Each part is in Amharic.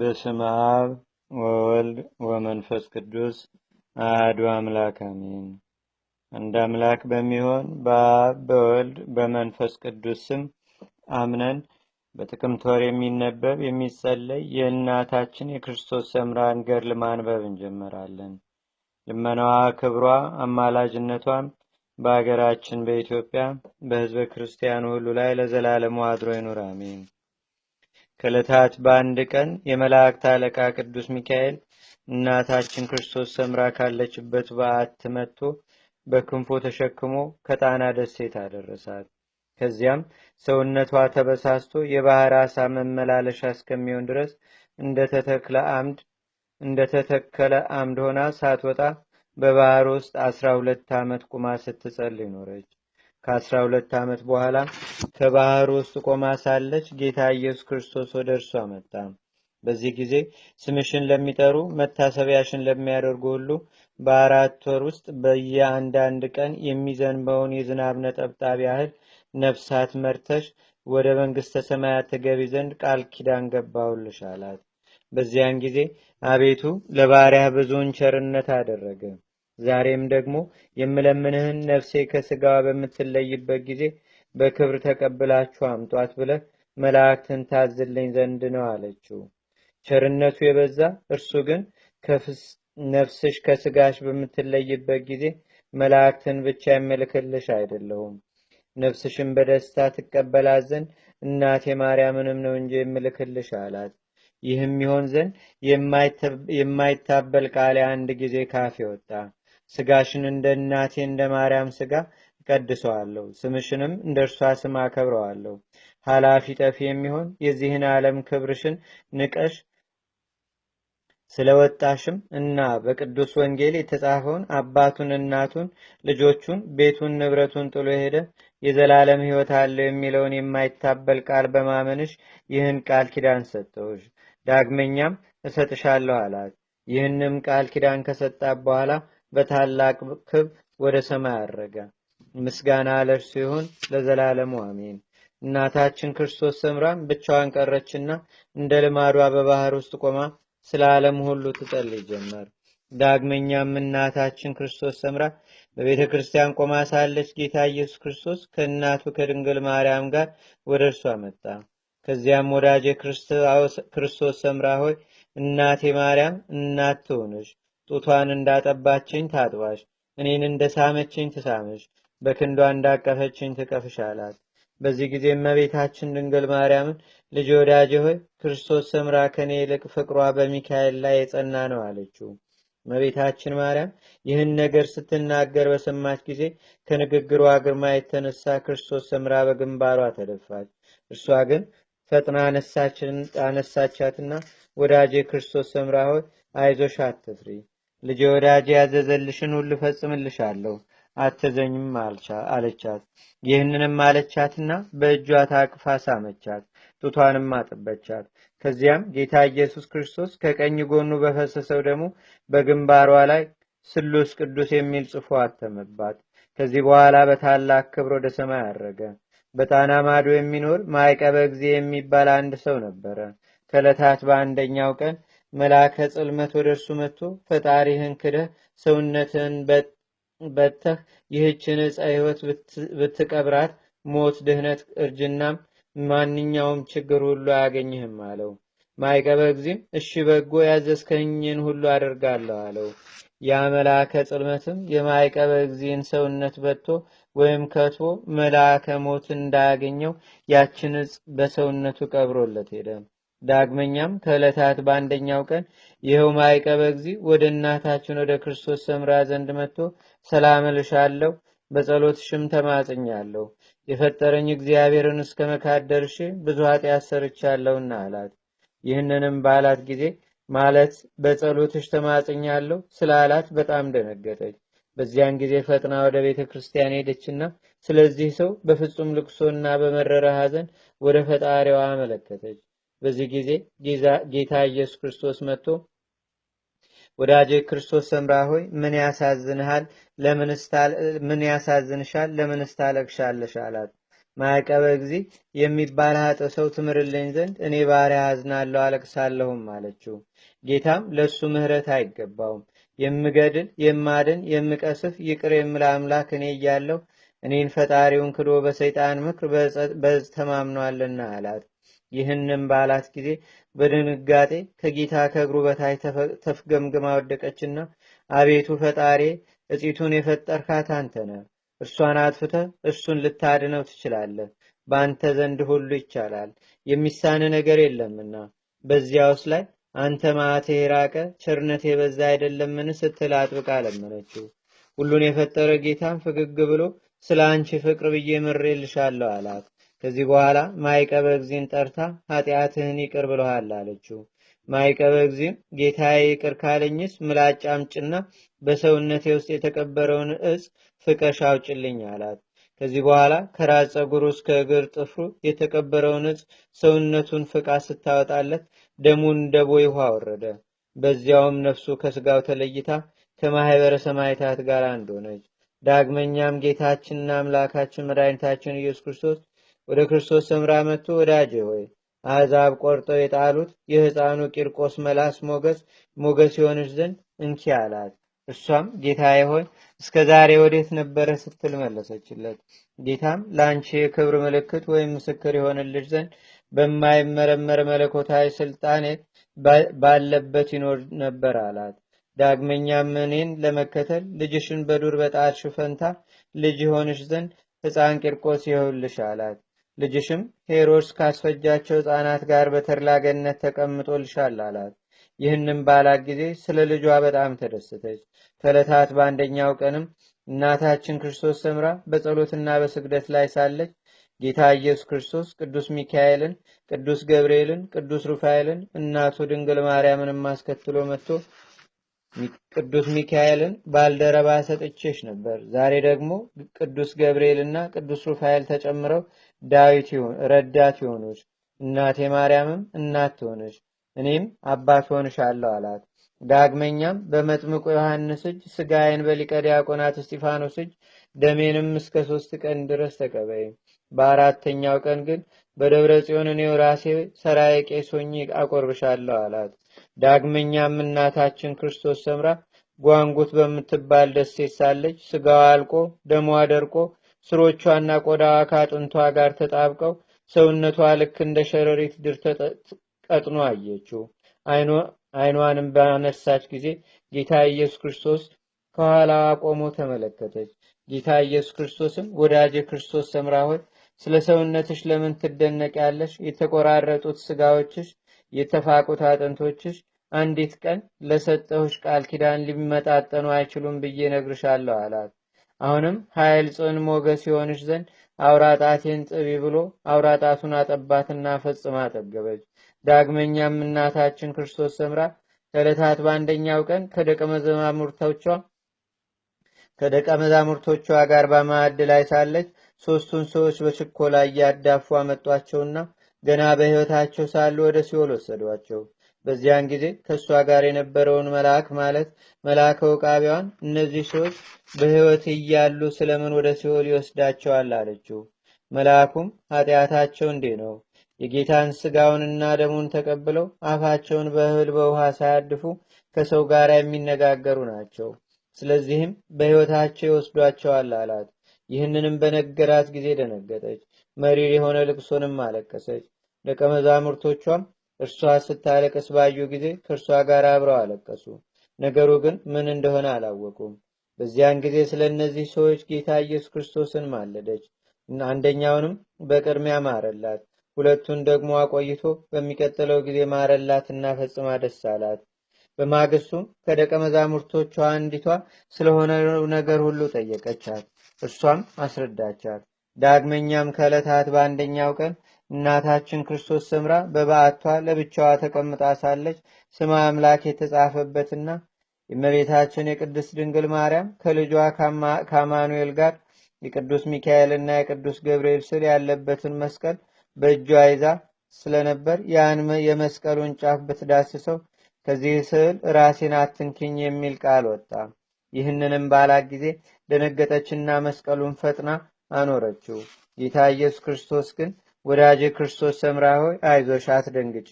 በስም አብ ወወልድ ወመንፈስ ቅዱስ አህዱ አምላክ አሜን። እንደ አምላክ በሚሆን በአብ በወልድ በመንፈስ ቅዱስ ስም አምነን በጥቅምት ወር የሚነበብ የሚጸለይ የእናታችን የክርስቶስ ሰምራን ገድል ማንበብ እንጀምራለን። ልመናዋ፣ ክብሯ፣ አማላጅነቷም በአገራችን በኢትዮጵያ በህዝበ ክርስቲያኑ ሁሉ ላይ ለዘላለሙ አድሮ ይኑር አሜን። ከለታት በአንድ ቀን የመላእክት አለቃ ቅዱስ ሚካኤል እናታችን ክርስቶስ ሰምራ ካለችበት በዓት መጥቶ በክንፎ ተሸክሞ ከጣና ደሴት አደረሳት። ከዚያም ሰውነቷ ተበሳስቶ የባህር አሳ መመላለሻ እስከሚሆን ድረስ አምድ እንደተተከለ አምድ ሆና ሳትወጣ በባህር ውስጥ አስራ ሁለት ዓመት ቁማ ስትጸልይ ኖረች። ከአስራ ሁለት ዓመት በኋላ ከባህር ውስጥ ቆማ ሳለች ጌታ ኢየሱስ ክርስቶስ ወደ እርሷ መጣ። በዚህ ጊዜ ስምሽን ለሚጠሩ መታሰቢያሽን ለሚያደርጉ ሁሉ በአራት ወር ውስጥ በየአንዳንድ ቀን የሚዘንበውን የዝናብ ነጠብጣብ ያህል ነፍሳት መርተሽ ወደ መንግሥተ ሰማያት ትገቢ ዘንድ ቃል ኪዳን ገባሁልሽ አላት። በዚያን ጊዜ አቤቱ ለባሪያህ ብዙውን ቸርነት አደረገ። ዛሬም ደግሞ የምለምንህን ነፍሴ ከስጋ በምትለይበት ጊዜ በክብር ተቀብላችሁ አምጧት ብለ መላእክትን ታዝልኝ ዘንድ ነው አለችው። ቸርነቱ የበዛ እርሱ ግን ነፍስሽ ከስጋሽ በምትለይበት ጊዜ መላእክትን ብቻ የምልክልሽ አይደለሁም ነፍስሽን በደስታ ትቀበላት ዘንድ እናቴ ማርያምንም ነው እንጂ የምልክልሽ አላት። ይህም ይሆን ዘንድ የማይታበል ቃሌ አንድ ጊዜ ካፌ ወጣ። ስጋሽን እንደ እናቴ እንደ ማርያም ስጋ እቀድሰዋለሁ፣ ስምሽንም እንደ እርሷ ስም አከብረዋለሁ። ኃላፊ ጠፊ የሚሆን የዚህን ዓለም ክብርሽን ንቀሽ ስለወጣሽም እና በቅዱስ ወንጌል የተጻፈውን አባቱን፣ እናቱን፣ ልጆቹን፣ ቤቱን፣ ንብረቱን ጥሎ ሄደ የዘላለም ሕይወት አለው የሚለውን የማይታበል ቃል በማመንሽ ይህን ቃል ኪዳን ሰጠሁሽ፣ ዳግመኛም እሰጥሻለሁ አላት። ይህንም ቃል ኪዳን ከሰጣት በኋላ በታላቅ ክብ ወደ ሰማይ አረገ። ምስጋና ለእርሱ ሲሆን ለዘላለሙ አሜን። እናታችን ክርስቶስ ሰምራም ብቻዋን ቀረችና እንደ ልማዷ በባህር ውስጥ ቆማ ስለ ዓለም ሁሉ ትጸልይ ጀመር። ዳግመኛም እናታችን ክርስቶስ ሰምራ በቤተ ክርስቲያን ቆማ ሳለች ጌታ ኢየሱስ ክርስቶስ ከእናቱ ከድንግል ማርያም ጋር ወደ እርሷ መጣ። ከዚያም ወዳጄ ክርስቶስ ሰምራ ሆይ እናቴ ማርያም እናት ትሆነች ጡቷን እንዳጠባችኝ ታጥባሽ፣ እኔን እንደሳመችኝ ትሳምሽ፣ በክንዷ እንዳቀፈችኝ ትቀፍሽ አላት። በዚህ ጊዜ እመቤታችን ድንግል ማርያምን ልጅ ወዳጅ ሆይ ክርስቶስ ሰምራ ከኔ ይልቅ ፍቅሯ በሚካኤል ላይ የጸና ነው አለችው። እመቤታችን ማርያም ይህን ነገር ስትናገር በሰማች ጊዜ ከንግግሯ ግርማ የተነሳ ክርስቶስ ሰምራ በግንባሯ ተደፋች። እርሷ ግን ፈጥና አነሳቻትና ወዳጄ ክርስቶስ ሰምራ ሆይ አይዞሽ አትፍሪ ልጅ ወዳጅ ያዘዘልሽን ሁሉ ፈጽምልሻለሁ አትዘኝም አለቻት። ይህንንም አለቻትና በእጇ ታቅፋ ሳመቻት፣ ጡቷንም አጥበቻት ከዚያም ጌታ ኢየሱስ ክርስቶስ ከቀኝ ጎኑ በፈሰሰው ደግሞ በግንባሯ ላይ ስሉስ ቅዱስ የሚል ጽፎ አተመባት። ከዚህ በኋላ በታላቅ ክብር ወደ ሰማይ አረገ። በጣና ማዶ የሚኖር ማይቀበ ጊዜ የሚባል አንድ ሰው ነበረ። ከለታት በአንደኛው ቀን መልአከ ጽልመት ወደ እርሱ መጥቶ ፈጣሪህን ክደህ ሰውነትህን በተህ ይህችን ዕፀ ሕይወት ብትቀብራት ሞት፣ ድህነት፣ እርጅናም ማንኛውም ችግር ሁሉ አያገኝህም አለው። ማይቀበ ጊዜም እሺ በጎ ያዘዝከኝን ሁሉ አደርጋለሁ አለው። ያ መልአከ ጽልመትም የማይቀበ ጊዜን ሰውነት በቶ ወይም ከቶ መልአከ ሞት እንዳያገኘው ያችን ዕፅ በሰውነቱ ቀብሮለት ሄደ። ዳግመኛም ከዕለታት በአንደኛው ቀን ይኸው ማይቀ በግዚ ወደ እናታችን ወደ ክርስቶስ ሰምራ ዘንድ መጥቶ ሰላም እልሻለሁ፣ በጸሎትሽም ተማጽኛለሁ፣ የፈጠረኝ እግዚአብሔርን እስከ መካደርሽ ብዙ ኃጢአት ሰርቻለሁና አላት። ይህንንም ባላት ጊዜ ማለት በጸሎትሽ ተማጽኛለሁ ስላላት በጣም ደነገጠች። በዚያን ጊዜ ፈጥና ወደ ቤተ ክርስቲያን ሄደችና ስለዚህ ሰው በፍጹም ልቅሶና በመረረ ሐዘን ወደ ፈጣሪዋ አመለከተች። በዚህ ጊዜ ጌታ ኢየሱስ ክርስቶስ መጥቶ ወዳጄ ክርስቶስ ሰምራ ሆይ ምን ያሳዝንሃል? ምን ያሳዝንሻል? ለምንስ ታለቅሻለሽ? አላት። ማዕቀበ ጊዜ የሚባል ሀጠ ሰው ትምርልኝ ዘንድ እኔ ባሪያ አዝናለሁ አለቅሳለሁም አለችው። ጌታም ለእሱ ምሕረት አይገባውም። የምገድል የማድን የምቀስፍ ይቅር የምል አምላክ እኔ እያለሁ እኔን ፈጣሪውን ክዶ በሰይጣን ምክር በዝ ተማምኗልና አላት። ይህንም ባላት ጊዜ በድንጋጤ ከጌታ ከእግሩ በታች ተፍገምግማ ወደቀችና አቤቱ ፈጣሬ እጺቱን የፈጠርካት አንተ ነ እርሷን አጥፍተ እሱን ልታድነው ትችላለህ። በአንተ ዘንድ ሁሉ ይቻላል፣ የሚሳን ነገር የለምና። በዚያ ውስጥ ላይ አንተ ማዕት የራቀ ቸርነት የበዛ አይደለምን ስትል አጥብቃ ለመነችው። ሁሉን የፈጠረ ጌታን ፈገግ ብሎ ስለ አንቺ ፍቅር ብዬ ምሬልሻለሁ አላት። ከዚህ በኋላ ማይቀበ እግዚእን ጠርታ ኃጢአትህን ይቅር ብለሃል አለችው። ማይቀበ እግዚእም ጌታዬ ይቅር ካለኝስ ምላጭ አምጭና በሰውነቴ ውስጥ የተቀበረውን እጽ ፍቀሽ አውጭልኝ አላት። ከዚህ በኋላ ከራስ ፀጉሩ እስከ እግር ጥፍሩ የተቀበረውን እጽ ሰውነቱን ፍቃ ስታወጣለት ደሙን ደቦ ውሃ ወረደ። በዚያውም ነፍሱ ከስጋው ተለይታ ከማህበረ ሰማይታት ጋር አንድ ሆነች። ዳግመኛም ጌታችንና አምላካችን መድኃኒታችን ኢየሱስ ክርስቶስ ወደ ክርስቶስ ሰምራ መጥቶ ወዳጄ ሆይ አሕዛብ ቆርጠው የጣሉት የሕፃኑ ቂርቆስ መላስ ሞገስ ሞገስ የሆነች ዘንድ እንኪ አላት። እሷም ጌታዬ ሆይ እስከ ዛሬ ወዴት ነበረ ስትል መለሰችለት። ጌታም ለአንቺ የክብር ምልክት ወይም ምስክር የሆንልሽ ዘንድ በማይመረመር መለኮታዊ ስልጣኔ ባለበት ይኖር ነበር አላት። ዳግመኛም እኔን ለመከተል ልጅሽን በዱር በጣት ሽፈንታ ልጅ የሆንሽ ዘንድ ሕፃን ቂርቆስ ይኸውልሽ አላት። ልጅሽም ሄሮድስ ካስፈጃቸው ሕፃናት ጋር በተድላገነት ተቀምጦ ተቀምጦልሻል አላት። ይህንም ባላት ጊዜ ስለ ልጇ በጣም ተደሰተች። ከዕለታት በአንደኛው ቀንም እናታችን ክርስቶስ ሰምራ በጸሎትና በስግደት ላይ ሳለች ጌታ ኢየሱስ ክርስቶስ ቅዱስ ሚካኤልን፣ ቅዱስ ገብርኤልን፣ ቅዱስ ሩፋኤልን እናቱ ድንግል ማርያምንም አስከትሎ መጥቶ ቅዱስ ሚካኤልን ባልደረባ ሰጥቼሽ ነበር። ዛሬ ደግሞ ቅዱስ ገብርኤልና ቅዱስ ሩፋኤል ተጨምረው ዳዊት ረዳት ይሆኑሽ፣ እናቴ ማርያምም እናት ትሆንሽ፣ እኔም አባት ሆንሻለሁ አላት። ዳግመኛም በመጥምቁ ዮሐንስ እጅ ስጋዬን በሊቀ ዲያቆናት እስጢፋኖስ እጅ ደሜንም እስከ ሶስት ቀን ድረስ ተቀበይ። በአራተኛው ቀን ግን በደብረ ጽዮን እኔው ራሴ ሰራዬ ቄስ ሆኜ አቆርብሻለሁ አላት። ዳግመኛም እናታችን ክርስቶስ ሰምራ ጓንጉት በምትባል ደሴት ሳለች ስጋዋ አልቆ ደሟ ደርቆ ስሮቿና ቆዳዋ ከአጥንቷ ጋር ተጣብቀው ሰውነቷ ልክ እንደ ሸረሪት ድር ቀጥኖ አየችው። አይኗንም ባነሳች ጊዜ ጌታ ኢየሱስ ክርስቶስ ከኋላዋ ቆሞ ተመለከተች። ጌታ ኢየሱስ ክርስቶስም ወዳጄ ክርስቶስ ሰምራ ሆይ ስለ ሰውነትሽ ለምን ትደነቅ ያለሽ? የተቆራረጡት ስጋዎችሽ የተፋቁት አጥንቶችሽ አንዲት ቀን ለሰጠሁሽ ቃል ኪዳን ሊመጣጠኑ አይችሉም ብዬ ነግርሻለሁ አላት። አሁንም ኃይል፣ ጽን፣ ሞገስ ሲሆንሽ ዘንድ አውራጣቴን ጥቢ ብሎ አውራጣቱን አጠባትና ፈጽማ ጠገበች። ዳግመኛም እናታችን ክርስቶስ ሰምራ ከዕለታት በአንደኛው ቀን ከደቀ መዛሙርቶቿ ከደቀ መዛሙርቶቿ ጋር በማዕድ ላይ ሳለች ሦስቱን ሰዎች በችኮላ እያዳፉ አመጧቸውና ገና በሕይወታቸው ሳሉ ወደ ሲኦል ወሰዷቸው። በዚያን ጊዜ ከእሷ ጋር የነበረውን መልአክ ማለት መልአከ ውቃቢዋን እነዚህ ሰዎች በሕይወት እያሉ ስለምን ወደ ሲኦል ይወስዳቸዋል አለችው። መልአኩም ኃጢአታቸው እንዲህ ነው፣ የጌታን ስጋውንና ደሙን ተቀብለው አፋቸውን በእህል በውሃ ሳያድፉ ከሰው ጋር የሚነጋገሩ ናቸው። ስለዚህም በሕይወታቸው ይወስዷቸዋል አላት። ይህንንም በነገራት ጊዜ ደነገጠች፣ መሪር የሆነ ልቅሶንም አለቀሰች። ደቀ መዛሙርቶቿም እርሷ ስታለቅስ ባዩ ጊዜ ከእርሷ ጋር አብረው አለቀሱ። ነገሩ ግን ምን እንደሆነ አላወቁም። በዚያን ጊዜ ስለ እነዚህ ሰዎች ጌታ ኢየሱስ ክርስቶስን ማለደች። አንደኛውንም በቅድሚያ ማረላት፣ ሁለቱን ደግሞ አቆይቶ በሚቀጥለው ጊዜ ማረላትና ፈጽማ ደስ አላት። በማግስቱም ከደቀ መዛሙርቶቿ አንዲቷ ስለሆነ ነገር ሁሉ ጠየቀቻት፣ እርሷም አስረዳቻት። ዳግመኛም ከዕለታት በአንደኛው ቀን እናታችን ክርስቶስ ሰምራ በበዓቷ ለብቻዋ ተቀምጣ ሳለች ስመ አምላክ የተጻፈበትና የእመቤታችን የቅድስት ድንግል ማርያም ከልጇ ከአማኑኤል ጋር የቅዱስ ሚካኤልና የቅዱስ ገብርኤል ስዕል ያለበትን መስቀል በእጇ ይዛ ስለነበር ያን የመስቀሉን ጫፍ ብትዳስሰው ከዚህ ስዕል ራሴን አትንኪኝ የሚል ቃል ወጣ። ይህንንም ባላት ጊዜ ደነገጠችና መስቀሉን ፈጥና አኖረችው። ጌታ ኢየሱስ ክርስቶስ ግን ወዳጅ ክርስቶስ ሰምራ ሆይ አይዞሽ፣ አትደንግጪ።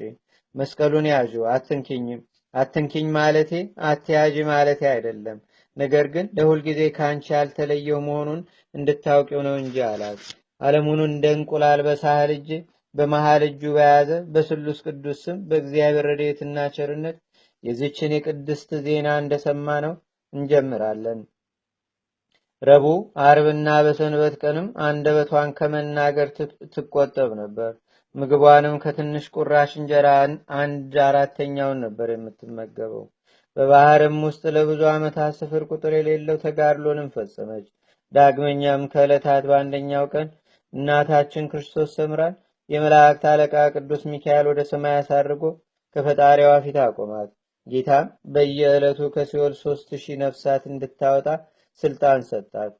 መስቀሉን ያዡ፣ አትንኪኝም። አትንኪኝ ማለቴ አትያዥ ማለቴ አይደለም፣ ነገር ግን ለሁልጊዜ ከአንቺ ያልተለየው መሆኑን እንድታውቂው ነው እንጂ አላት። አለሙኑ እንደ እንቁላል በሳህል እጅ በመሃል እጁ በያዘ በስሉስ ቅዱስ ስም በእግዚአብሔር ረድኤትና ቸርነት የዚችን የቅድስት ዜና እንደሰማ ነው እንጀምራለን። ረቡ አርብና በሰንበት ቀንም አንደበቷን ከመናገር ትቆጠብ ነበር። ምግቧንም ከትንሽ ቁራሽ እንጀራ አንድ አራተኛውን ነበር የምትመገበው። በባህርም ውስጥ ለብዙ ዓመታት ስፍር ቁጥር የሌለው ተጋድሎንም ፈጸመች። ዳግመኛም ከዕለታት በአንደኛው ቀን እናታችን ክርስቶስ ሰምራን የመላእክት አለቃ ቅዱስ ሚካኤል ወደ ሰማይ አሳርጎ ከፈጣሪዋ ፊት አቆማት። ጌታም በየዕለቱ ከሲወል ሶስት ሺህ ነፍሳት እንድታወጣ ስልጣን ሰጣት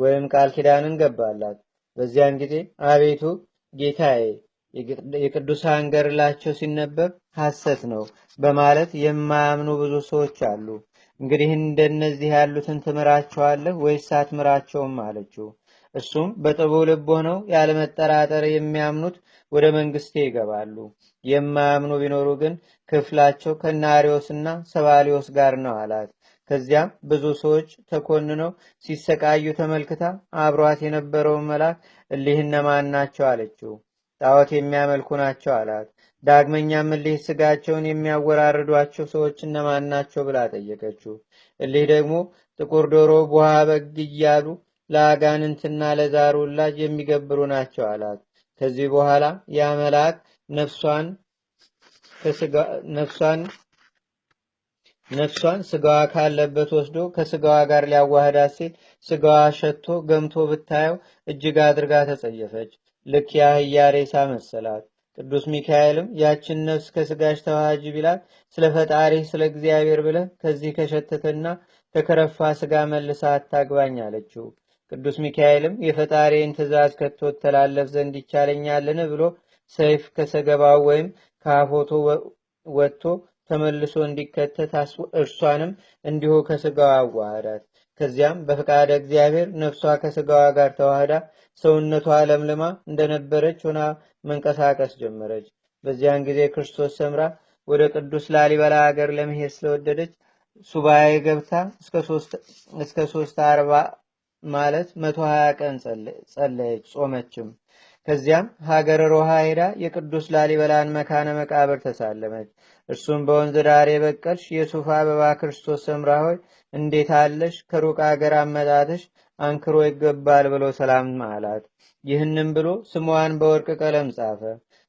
ወይም ቃል ኪዳንን ገባላት። በዚያን ጊዜ አቤቱ ጌታዬ የቅዱሳን ገርላቸው ሲነበብ ሐሰት ነው በማለት የማያምኑ ብዙ ሰዎች አሉ። እንግዲህ እንደነዚህ ያሉትን ትምራቸዋለህ ወይስ አትምራቸውም? አለችው። እሱም በጥቡ ልብ ሆነው ያለመጠራጠር የሚያምኑት ወደ መንግስቴ ይገባሉ። የማያምኑ ቢኖሩ ግን ክፍላቸው ከናሪዎስና ሰባሊዮስ ጋር ነው አላት። ከዚያም ብዙ ሰዎች ተኮንነው ሲሰቃዩ ተመልክታ አብሯት የነበረውን መልአክ እሊህ እነማን ናቸው አለችው። ጣዖት የሚያመልኩ ናቸው አላት። ዳግመኛም እሊህ ስጋቸውን የሚያወራርዷቸው ሰዎች እነማን ናቸው ብላ ጠየቀችው። እሊህ ደግሞ ጥቁር ዶሮ፣ ቡሃ በግ እያሉ ለአጋንንትና ለዛሩላጅ ውላጅ የሚገብሩ ናቸው አላት። ከዚህ በኋላ ያ መልአክ ነፍሷን ነፍሷን ስጋዋ ካለበት ወስዶ ከስጋዋ ጋር ሊያዋህዳት ሲል ስጋዋ ሸቶ ገምቶ ብታየው እጅግ አድርጋ ተጸየፈች። ልክ የአህያ ሬሳ መሰላት። ቅዱስ ሚካኤልም ያችን ነፍስ ከስጋሽ ተዋሃጅ ቢላት ስለ ፈጣሪ ስለ እግዚአብሔር ብለህ ከዚህ ከሸተተና ከከረፋ ስጋ መልሳ አታግባኝ አለችው። ቅዱስ ሚካኤልም የፈጣሪን ትእዛዝ ከቶ ተላለፍ ዘንድ ይቻለኛልን ብሎ ሰይፍ ከሰገባው ወይም ከአፎቶ ወጥቶ ተመልሶ እንዲከተት እርሷንም እንዲሁ ከስጋዋ አዋሃዳት። ከዚያም በፈቃደ እግዚአብሔር ነፍሷ ከስጋዋ ጋር ተዋህዳ ሰውነቷ ለምልማ እንደነበረች ሆና መንቀሳቀስ ጀመረች። በዚያን ጊዜ ክርስቶስ ሰምራ ወደ ቅዱስ ላሊበላ ሀገር ለመሄድ ስለወደደች ሱባኤ ገብታ እስከ ሶስት አርባ ማለት መቶ ሀያ ቀን ጸለየች ጾመችም። ከዚያም ሀገር ሮሃ ሄዳ የቅዱስ ላሊበላን መካነ መቃብር ተሳለመች። እርሱም በወንዝ ዳር የበቀልሽ የሱፍ አበባ ክርስቶስ ሰምራ ሆይ እንዴት አለሽ? ከሩቅ አገር አመጣትሽ አንክሮ ይገባል ብሎ ሰላም አላት። ይህንም ብሎ ስሟን በወርቅ ቀለም ጻፈ።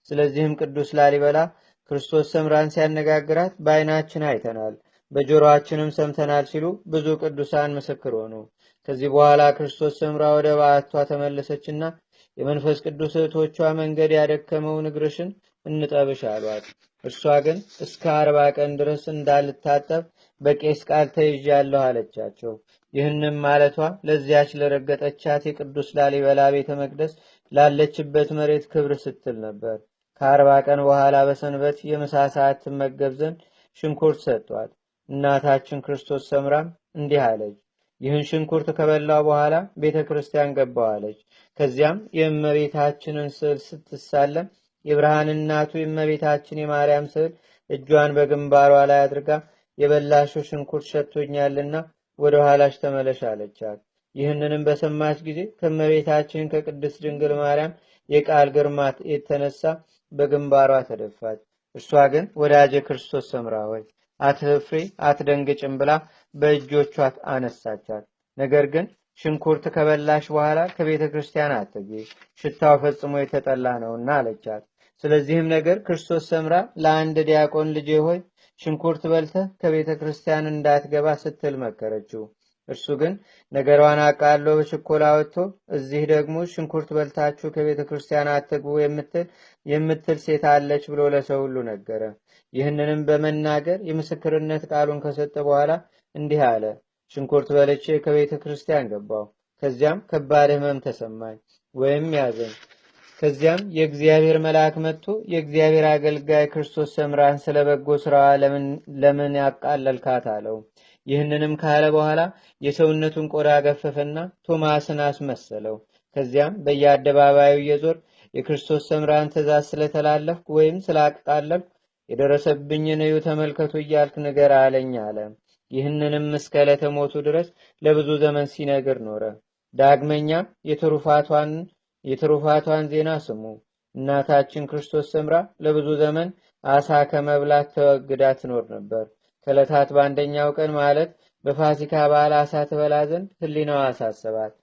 ስለዚህም ቅዱስ ላሊበላ ክርስቶስ ሰምራን ሲያነጋግራት በዓይናችን አይተናል፣ በጆሮአችንም ሰምተናል ሲሉ ብዙ ቅዱሳን ምስክር ሆኑ። ከዚህ በኋላ ክርስቶስ ሰምራ ወደ በዓቷ ተመለሰችና የመንፈስ ቅዱስ እህቶቿ መንገድ ያደከመውን እግርሽን እንጠብሽ አሏት። እርሷ ግን እስከ አርባ ቀን ድረስ እንዳልታጠብ በቄስ ቃል ተይዣለሁ አለቻቸው። ይህንም ማለቷ ለዚያች ለረገጠቻት የቅዱስ ላሊበላ ቤተ መቅደስ ላለችበት መሬት ክብር ስትል ነበር። ከአርባ ቀን በኋላ በሰንበት የምሳ ሰዓት ትመገብ ዘንድ ሽንኩርት ሰጧት። እናታችን ክርስቶስ ሰምራም እንዲህ አለች፣ ይህን ሽንኩርት ከበላው በኋላ ቤተ ክርስቲያን ገባዋለች። ከዚያም የእመቤታችንን ስዕል ስትሳለም የብርሃን እናቱ የእመቤታችን የማርያም ስዕል እጇን በግንባሯ ላይ አድርጋ የበላሹ ሽንኩርት ሸቶኛልና ወደ ኋላሽ ተመለሽ አለቻት። ይህንንም በሰማች ጊዜ ከእመቤታችን ከቅድስት ድንግል ማርያም የቃል ግርማት የተነሳ በግንባሯ ተደፋች። እርሷ ግን ወዳጀ ክርስቶስ ሰምራ ሆይ አትፍሪ አትደንግጭም ብላ በእጆቿ አነሳቻት። ነገር ግን ሽንኩርት ከበላሽ በኋላ ከቤተ ክርስቲያን አትግቢ፣ ሽታው ፈጽሞ የተጠላ ነውና አለቻት። ስለዚህም ነገር ክርስቶስ ሰምራ ለአንድ ዲያቆን ልጄ ሆይ ሽንኩርት በልተህ ከቤተ ክርስቲያን እንዳትገባ ስትል መከረችው። እርሱ ግን ነገሯን አቃሎ በችኮላ ወጥቶ እዚህ ደግሞ ሽንኩርት በልታችሁ ከቤተ ክርስቲያን አትግቡ የምትል ሴት አለች ብሎ ለሰው ሁሉ ነገረ። ይህንንም በመናገር የምስክርነት ቃሉን ከሰጠ በኋላ እንዲህ አለ፣ ሽንኩርት በልቼ ከቤተ ክርስቲያን ገባሁ። ከዚያም ከባድ ሕመም ተሰማኝ ወይም ያዘኝ። ከዚያም የእግዚአብሔር መልአክ መጥቶ የእግዚአብሔር አገልጋይ ክርስቶስ ሰምራን ስለ በጎ ስራዋ ለምን ያቃለልካት አለው። ይህንንም ካለ በኋላ የሰውነቱን ቆዳ ገፈፈና ቶማስን አስመሰለው። ከዚያም በየአደባባዩ የዞር የክርስቶስ ሰምራን ትእዛዝ ስለተላለፍኩ ወይም ስላቃለልኩ የደረሰብኝን እዩ ተመልከቱ እያልክ ንገር አለኝ አለ። ይህንንም እስከ ዕለተ ሞቱ ድረስ ለብዙ ዘመን ሲነግር ኖረ። ዳግመኛ የትሩፋቷን የትሩፋቷን ዜና ስሙ። እናታችን ክርስቶስ ሰምራ ለብዙ ዘመን አሳ ከመብላት ተወግዳ ትኖር ነበር። ከዕለታት በአንደኛው ቀን ማለት በፋሲካ በዓል አሳ ትበላ ዘንድ ሕሊናዋ አሳሰባት።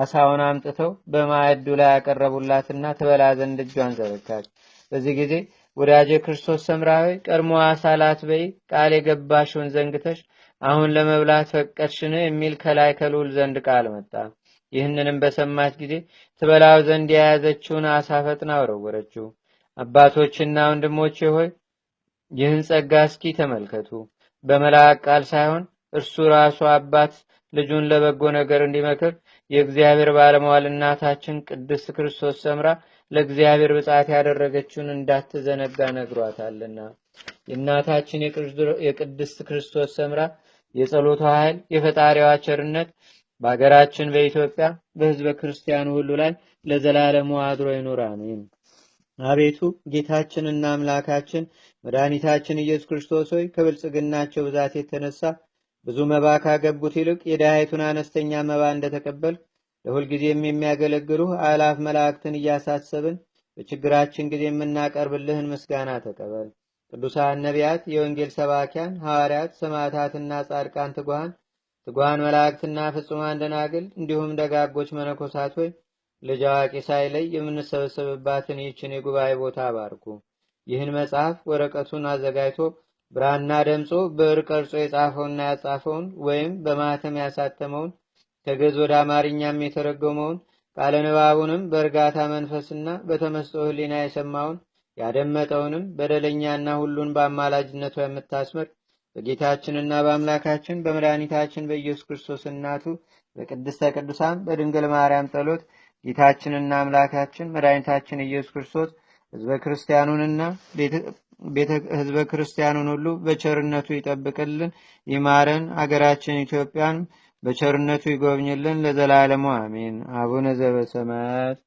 አሳውን አምጥተው በማዕዱ ላይ ያቀረቡላትና ትበላ ዘንድ እጇን ዘረጋች። በዚህ ጊዜ ወዳጄ ክርስቶስ ሰምራዊ ቀድሞ አሳ ላትበይ ቃል የገባሽውን ዘንግተሽ አሁን ለመብላት ፈቀድሽን? የሚል ከላይ ከልዑል ዘንድ ቃል መጣ። ይህንንም በሰማች ጊዜ ትበላው ዘንድ የያዘችውን አሳ ፈጥና አውረወረችው አባቶችና ወንድሞቼ ሆይ ይህን ጸጋ እስኪ ተመልከቱ። በመልአክ ቃል ሳይሆን እርሱ ራሱ አባት ልጁን ለበጎ ነገር እንዲመክር የእግዚአብሔር ባለመዋል እናታችን ቅድስት ክርስቶስ ሰምራ ለእግዚአብሔር ብጻት ያደረገችውን እንዳትዘነጋ ነግሯታልና የእናታችን የቅድስት ክርስቶስ ሰምራ የጸሎቷ ኃይል የፈጣሪዋ ቸርነት በሀገራችን በኢትዮጵያ በህዝበ ክርስቲያኑ ሁሉ ላይ ለዘላለሙ አድሮ ይኑር። አሜን። አቤቱ ጌታችንና አምላካችን መድኃኒታችን ኢየሱስ ክርስቶስ ሆይ ከብልጽግናቸው ብዛት የተነሳ ብዙ መባ ካገቡት ይልቅ የድሃይቱን አነስተኛ መባ እንደተቀበል ለሁልጊዜም የሚያገለግሉ አላፍ መላእክትን እያሳሰብን በችግራችን ጊዜ የምናቀርብልህን ምስጋና ተቀበል። ቅዱሳን ነቢያት፣ የወንጌል ሰባኪያን ሐዋርያት፣ ሰማዕታትና ጻድቃን ትጓሃን ትጓን መላእክትና ፍጹማን ደናግል እንዲሁም ደጋጎች መነኮሳት ሆይ ልጅ አዋቂ ሳይለይ የምንሰበሰብባትን ይህችን የጉባኤ ቦታ አባርኩ። ይህን መጽሐፍ ወረቀቱን አዘጋጅቶ ብራና ደምጾ ብዕር ቀርጾ የጻፈውና ያጻፈውን ወይም በማተም ያሳተመውን ከገዝ ወደ አማርኛም የተረጎመውን ቃለ ንባቡንም በእርጋታ መንፈስና በተመስጦ ህሊና የሰማውን ያደመጠውንም በደለኛና ሁሉን በአማላጅነቷ የምታስመር በጌታችንና በአምላካችን በመድኃኒታችን በኢየሱስ ክርስቶስ እናቱ በቅድስተ ቅዱሳን በድንግል ማርያም ጸሎት ጌታችንና አምላካችን መድኃኒታችን ኢየሱስ ክርስቶስ ህዝበ ክርስቲያኑንና ህዝበ ክርስቲያኑን ሁሉ በቸርነቱ ይጠብቅልን፣ ይማረን። አገራችን ኢትዮጵያን በቸርነቱ ይጎብኝልን። ለዘላለሙ አሜን። አቡነ ዘበሰማያት